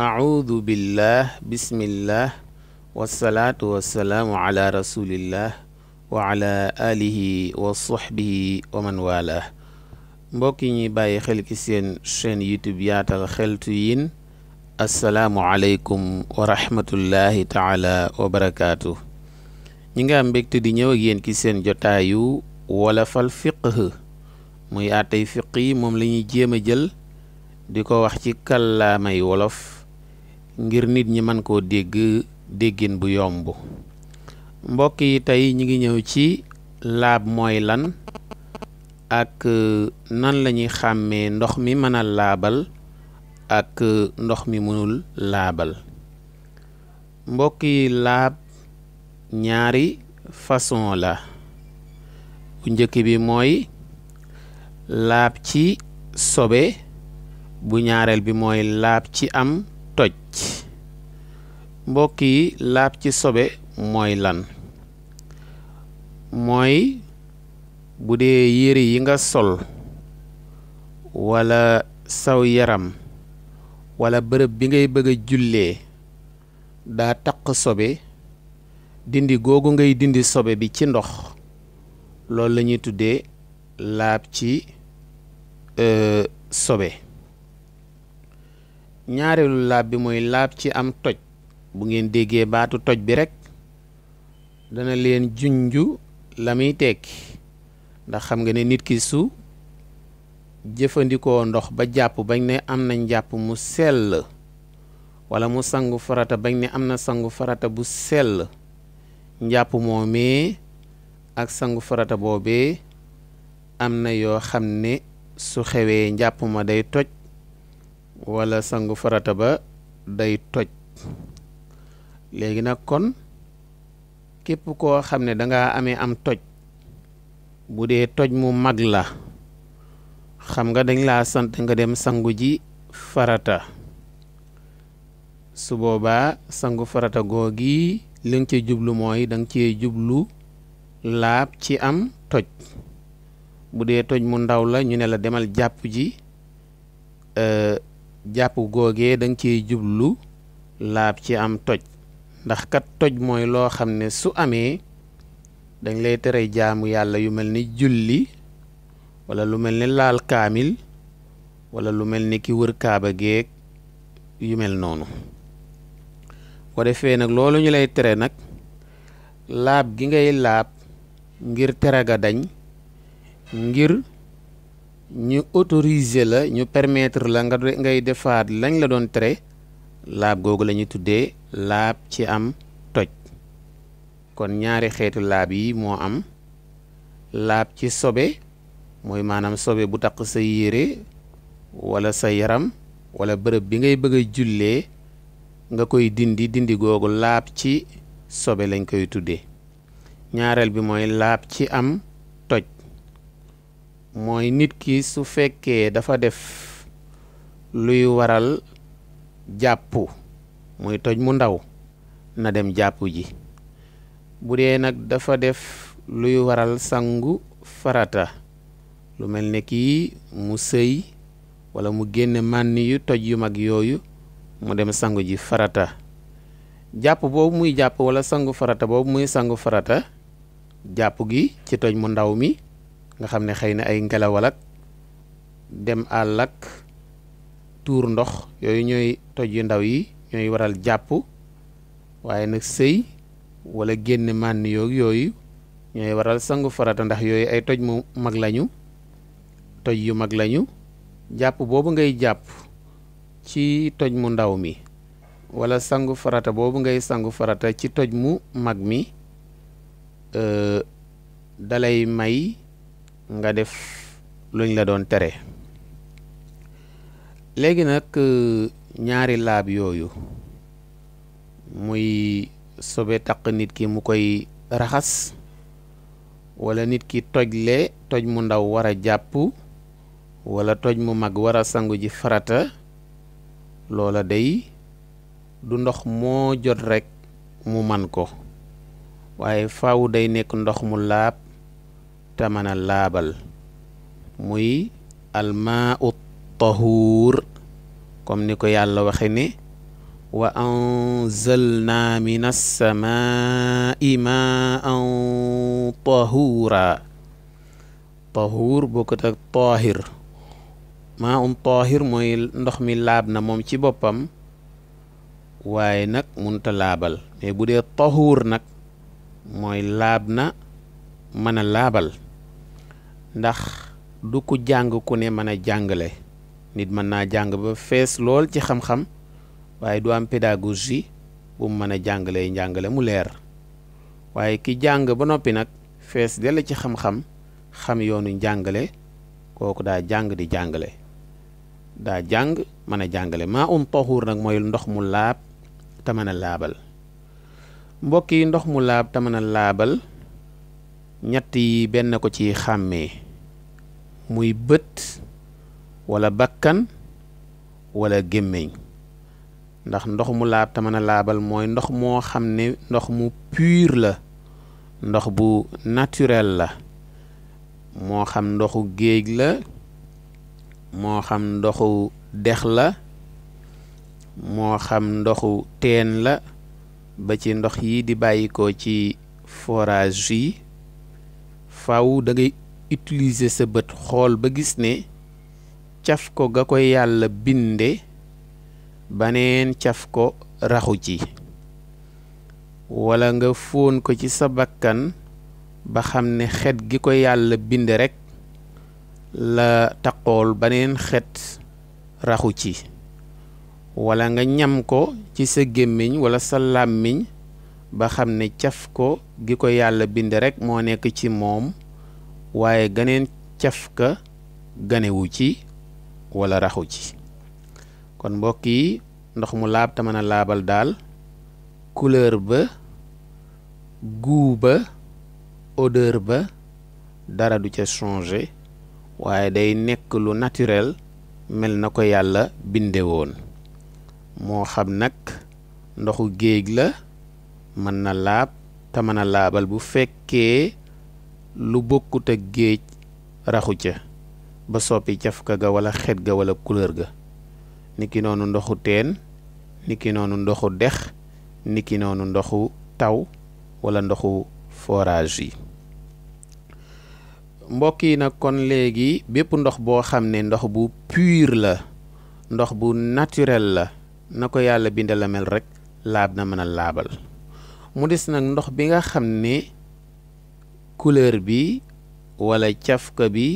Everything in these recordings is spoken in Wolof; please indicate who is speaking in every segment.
Speaker 1: audu billah bismillah wasalaatu wasalaamu ala rasulillah wa ala alihi wa sahbihi wa man wala mbokk yi ñuy bàyyi xel ci seen chaîne youtube yaatal xeltu yin asalaamualeykum wa rahmatullahi taala wa barakaatu ñi nga am di ñëw ak yéen ci seen jotaayu wala fal fiqh muy àttey fiq yi moom lañuy ñuy jéem a jël di ko wax ci kàllaamay wolof ngir nit ñi mën koo dégg déggin bu yomb mbokk yi tey ñi ngi ñëw ci laab mooy lan ak euh, nan lañuy xàmmee ndox mi mën a laabal ak euh, ndox mi mënul laabal mbokk laab ñaari façon la bu njëkk bi mooy laab ci sobe bu ñaareel bi mooy laab ci am toj mbokk yi laab ci sobe mooy lan mooy bu dee yére yi nga sol wala saw yaram wala bërëb bi ngay bëgg a jullee daa taq sobe dindi googu ngay dindi sobe bi ci ndox loolu la ñuy tuddee laab ci e, sobe ñaareelu laab bi mooy laab ci am toj bu ngeen déggee baatu toj bi rekk dana leen junju la muy tekki ndax xam nga ne nit ki su jëfandikoo ndox ba jàpp bañ ne am na njàpp mu sell wala mu sangu farata bañ ne am na sangu farata bu sell njàpp moomee ak sangu farata boobee am na yoo xam ne su xewee njàpp ma day toj wala sangu farata ba day toj léegi nag kon képp koo xam ne danga amee am toj bu dee toj mu mag la xam nga dañ laa sant nga dem sangu ji farata su boobaa sangu farata googi li nga cee jublu mooy danga nga cee jublu laab ci am toj bu dee toj mu ndaw la ñu ne la demal jàpp ji euh, jàpp googee da nga cee jublu laab ci am toj ndax kat toj mooy loo xam ne su amee dañ lay tere jaamu yàlla yu mel ni julli wala lu mel ni laal kaamil wala lu mel ni ki wër kaaba géeg yu mel noonu boo defee nag loolu ñu lay tere nag laab gi ngay laab ngir tere ga dañ ngir ñu autoriser la ñu permettre la nga ngay defaat lañ la doon tere laab googu la tuddee laab ci am toj kon ñaari xeetu laab yi moo am laab ci sobe mooy maanaam sobe bu taq sa yére wala sa yaram wala bërëb bi ngay bëgg a jullee nga koy dindi dindi googu laab ci sobe lañ koy tuddee ñaareel bi mooy laab ci am toj mooy nit ki su fekkee dafa def luy waral jàpp muy toj mu ndaw na dem jàpp ji bu dee nag dafa def luy waral sangu farata lu mel ne kii mu sëy walla mu génne mànni yu toj yu mag yooyu mu dem sangu ji farata jàpp boobu muy jàpp wala sangu farata boobu muy sangu farata jàpp gi ci toj mu ndaw mi nga xam ne xëy na ay ngelawal ak dem àll ak tuur ndox yooyu ñooy toj yu ndaw yi ñooy waral jàpp waaye nag sëy wala génn mànn yoog yooyu ñooy waral sangu farata ndax yooyu ay toj mu mag lañu toj yu mag lañu jàpp boobu ngay jàpp ci toj mu ndaw mi wala sangu farata boobu ngay sangu farata ci toj mu mag mi euh, dalay may nga def luñ la doon tere léegi nag euh, ñaari laab yooyu muy sobe taq nit ki mu koy raxas wala nit ki tojle toj mu ndaw war a jàpp wala toj mu mag war a sangu ji farata loola day du ndox moo jot rekk mu man ko waaye faaw day nekk ndox mu laab te mën laabal muy almaa ut tahuur comme ni ko yàlla waxe ni wa anzalna min assamaa'i maa'an tahuura tahuur bokkut ak taahir maa'un taahir mooy ndox mi laab na moom ci boppam waaye nag munta laabal mais bu dee tahuur nag mooy laab na mën a laabal ndax du ku jàng ku ne mën a jàngale nit mën naa jàng ba fees lool ci xam-xam waaye du am pédagogie bu mu mën a jàngalee njàngale mu leer waaye ki jàng ba noppi nag fees dell ci xam-xam xam yoonu jàngale kooku daa jàng di jàngale daa jàng mën a jàngale maa um taxuur nag mooy ndox mu laab te mën laabal mbokk yi ndox mu laab te mën laabal ñett yi benn ko ci xàmmee muy bët walla bakkan wala gémmiñ ndax ndox mu laab te mën a laabal mooy ndox moo xam ne ndox mu pur la ndox bu naturel la moo xam ndoxu géej la moo xam ndoxu dex la moo xam ndoxu teen la ba ci ndox yi di bàyyikoo ci forage yi faw da utilise sa bët xool ba gis ne caf ko ga ko yàlla binde baneen caf ko raxu ci wala nga fóon ko ci sa bakkan ba xam ne xet gi ko yàlla binde rekk la taqool baneen xet raxu ci wala nga ñam ko ci sa gémmiñ wala sa làmmiñ ba xam ne caf ko gi ko yàlla binde rekk moo nekk ci moom waaye ganeen caf ka ganewu ci wala raxu ci kon mbokk yi ndox mu laab tamana laabal daal couleur ba goût ba odeur ba dara du ca changer waaye day nekk lu naturel mel na ko yàlla bindewoon moo xam nag ndoxu géej la mën na laab te laabal bu fekkee lu bokkute géej raxu ca ba soppi cafka ga wala xet ga wala couleur ga niki noonu ndoxu teen niki noonu ndoxu dex niki noonu ndoxu taw wala ndoxu forage yi mbokk yi nag kon léegi bépp ndox boo xam ne ndox bu pur la ndox bu naturel la na ko yàlla bind la mel rek laab na mën laabal mu des nag ndox bi nga xam ne couleur bi wala cafka bi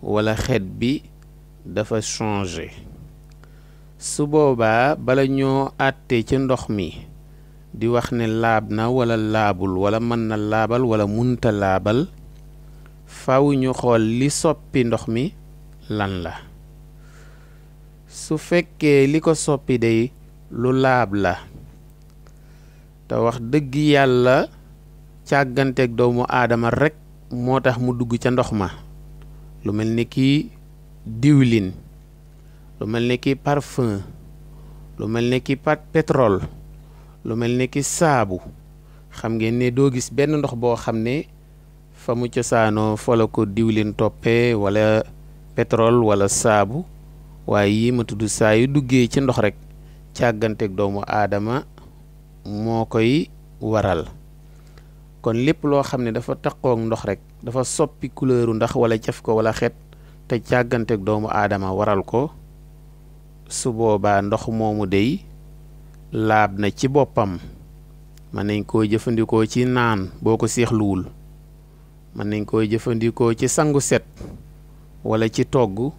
Speaker 1: wala xeet bi dafa changé su boobaa bala ñoo àttee ci ndox mi di wax ne laab na walla laabul wala mën na laabal wala munta laabal faw xool li soppi ndox mi lan la su fekkee li ko soppi day lu laab la te wax dëgg yàlla càgganteeg doomu aadama rekk moo tax mu dugg ca ndox ma lu mel ni ki diwlin lu mel ni ki parfum lu mel ni ki pat lu mel ni ki saabu xam ngeen ne doo gis benn ndox boo xam ne fa mu cosaanoo fa la ko diwlin toppe wala pétrole walla saabu waaye yii ma tudd saa yu duggee ci ndox rek càgganteeg doomu aadama moo koy waral kon lépp loo xam ne dafa taqook ndox rek dafa soppi couleuru ndax wala cef ko wala xet te càgganteeg doomu aadama waral ko su boobaa ndox moomu dey laab na ci boppam mën nañ koo jëfandikoo ci naan boo ko seexluwul mën nañ koo jëfandikoo ci sangu set wala ci togg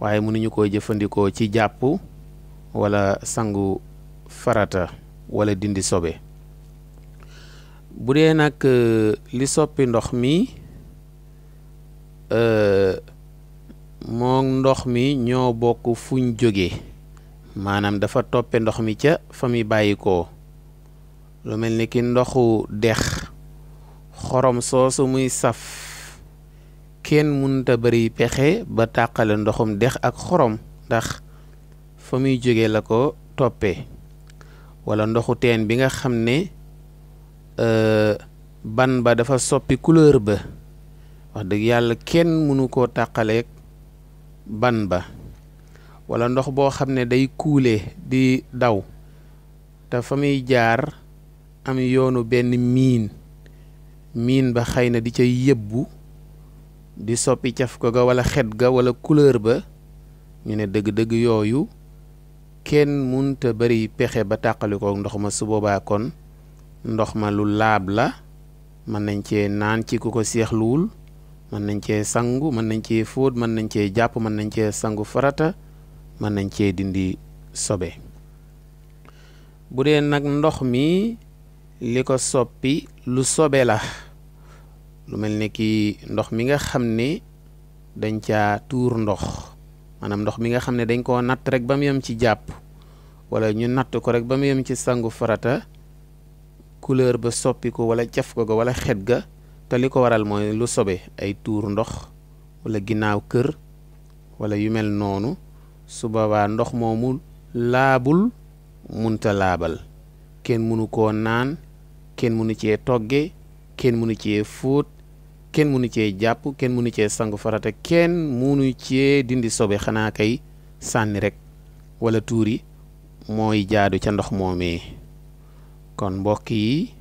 Speaker 1: waaye mënuñu koo jëfandikoo ci jàpp walla sangu farata wala dindi sobe bu dee nag euh, li soppi ndox mi euh, moom ndox mi ñoo bokk fuñ jóge maanaam dafa toppe ndox mi ca fa muy bàyyi koo lu mel ni ki ndoxu dex xorom soosu muy saf kenn munta bari pexe ba tàqale ndoxum dex ak xorom ndax fa muy jógee la ko toppe wala ndoxu teen bi nga xam ne Euh, ban ba dafa soppi couleur ba wax dëgg yàlla kenn mënu koo tàqaleeg ban ba wala ndox boo xam ne day kuule di daw te fa muy jaar am yoonu benn miin miin ba xëy na di ca yëbbu di soppi caf ko ga wala xet ga wala couleur ba ñu ne dëgg-dëgg yooyu kenn munta bari pexe ba tàqali ko ndox ma su boobaa kon ndox ma lu laab la mën nañ cee naan ci ko ko seexluwul mën nañ cee sangu mën nañ cee fóot mën nañ cee jàpp mën nañ cee sangu farata mën nañ cee dindi sobe bu dee nag ndox mi li ko soppi lu sobe la lu mel ni kii ndox mi nga xam ne dañ ca tuur ndox maanaam ndox mi nga xam ne dañ koo natt rek ba mu yem ci jàpp wala ñu natt ko rek ba mu yem ci sangu farata couleur ba soppiku wala caf ko ga wala xet ga te li ko waral mooy lu sobe ay tuur ndox walla ginnaaw kër wala yu mel noonu su boobaa ndox moomu laabul munta laabal kenn mënu koo naan kenn mënu cee togge kenn mënu cee fóot kenn mënu cee jàpp kenn mënu cee sangu farata kenn mënu cee dindi sobe xanaa kay sànni rek wala tuuri mooy jaadu ca ndox moomee kon mbokk yi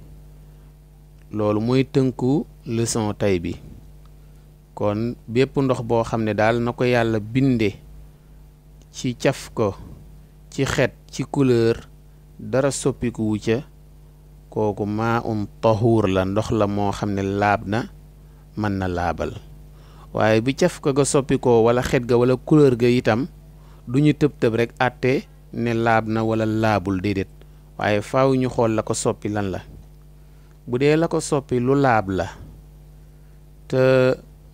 Speaker 1: loolu mooy tënku leçon tey bi kon bépp ndox boo xam ne daal na ko yàlla binde ci caf ko ci xet ci couleur dara soppikuwu ca kooku maa um tahuur la ndox la moo xam ne laab na mën na laabal waaye bi caf ko ga soppikoo wala xet ga wala couleur ga itam du ñu tëb tëb rek àtte ne laab na wala laabul déedéet waaye faw ñu xool la ko soppi lan la bu dee la ko soppi lu laab la te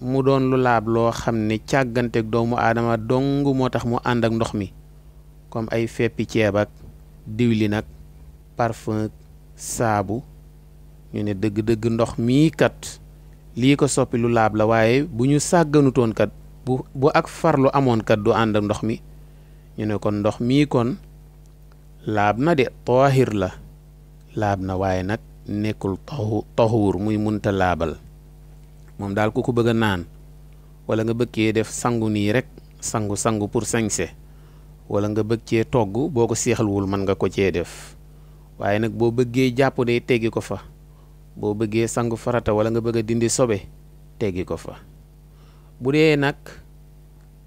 Speaker 1: mu doon lu laab loo xam ne càgganteeg doomu aadama dong moo tax mu ànd ak ndox mi comme ay feppi ceeb ak diwlin ak parfum saabu ñu ne dëgg-dëgg ndox mii kat lii ko soppi lu laab la waaye bu ñu sàgganutoon kat bu bu ak farlu amoon kat du ànd ak ndox mi ñu ne kon ndox mii kon laab na de taahir la laab na waaye nag nekkul taxu taxuur muy munta laabal moom daal ku ko bëgg a naan walla nga bëgg def sangu nii rek sangu sangu pour sanse wala nga bëgg cee togg boo ko seexalwul mën nga ko cee def waaye nag boo bëggee jàpp de teggi ko fa boo bëggee sangu farata wala nga bëgg a dindi sobe teggi ko fa bu dee nag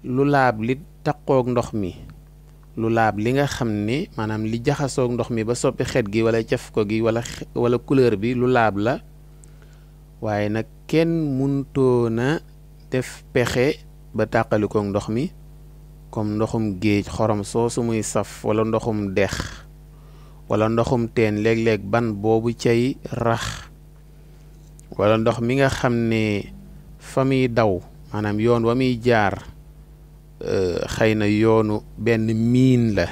Speaker 1: lu laab li taqoog ndox mi lu laab li nga xam ni maanaam li jaxasoog ndox mi ba soppi xet gi wala caf ko gi wala wala couleur bi lu laab la waaye nag kenn muntoona def pexe ba tàqalikook ndox mi comme ndoxum géej xorom soosu muy saf wala ndoxum dex wala ndoxum teen léeg-léeg ban boobu cay rax wala ndox mi nga xam ne fa muy daw maanaam yoon wa muy jaar Euh, xëy na yoonu benn miin la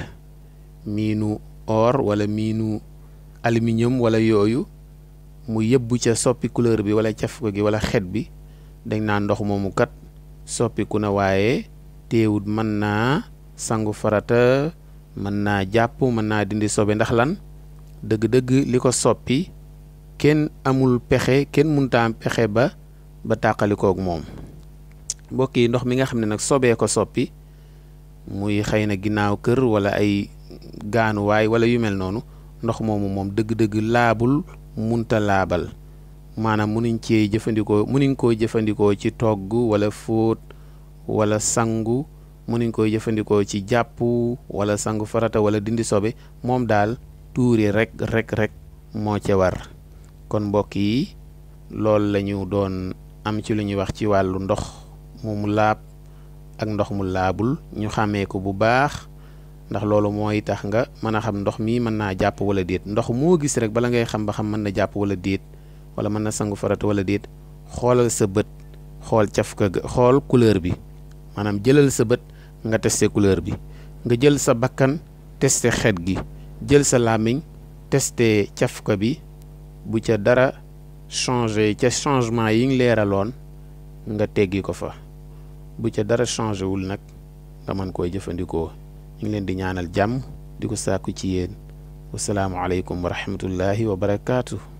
Speaker 1: miinu or wala miinu aluminium walla yooyu mu yëbbu ca soppi couleur bi wala caf ko gi wala xet bi dañ naa ndox moomu kat soppiku na waaye teewut mën naa sangu farata mën naa jàpp mën naa dindi sobe ndax lan dëgg-dëgg li ko soppi kenn amul pexe kenn munta pexe ba ba tàqalikook moom mbokk yi ndox mi nga xam ne nag sobee ko soppi muy xëy na ginnaaw kër wala ay gaanuwaay wala yu mel noonu ndox moomu moom dëgg-dëgg laabul munta laabal maanaam munuñ cee jëfandikoo munuñ koo jëfandikoo ci togg wala fóot wala sangu munuñ koy jëfandikoo ci jàpp wala sangu farata wala dindi sobe moom daal tuuri rek rekk rek moo ca war kon mbokk yi loolu lañu doon am ci lu ñuy wax ci wàllu ndox mu laab ak ndox mu laabul ñu xàmmee ko bu baax ndax loolu mooy tax nga mën a xam ndox mi mën naa jàpp wala déet ndox moo gis rek bala ngay xam ba xam mën na jàpp wala déet wala mën na sangu farata wala déet xoolal sa bët xool cafka ga xool couleur bi maanaam jëlal sa bët nga testé couleur bi nga jël sa bakkan testé xet gi jël sa làmmiñ testé cafka bi bu ca dara changé ca changement yi leeraloon nga teggi ko fa bu ca dara changé wul nag nga mën koy jëfandikoo ñu ngi leen di ñaanal jàmm di ko sàkku ci yéen wasalaamualeykum wa rahmatullahi wa barakaatu.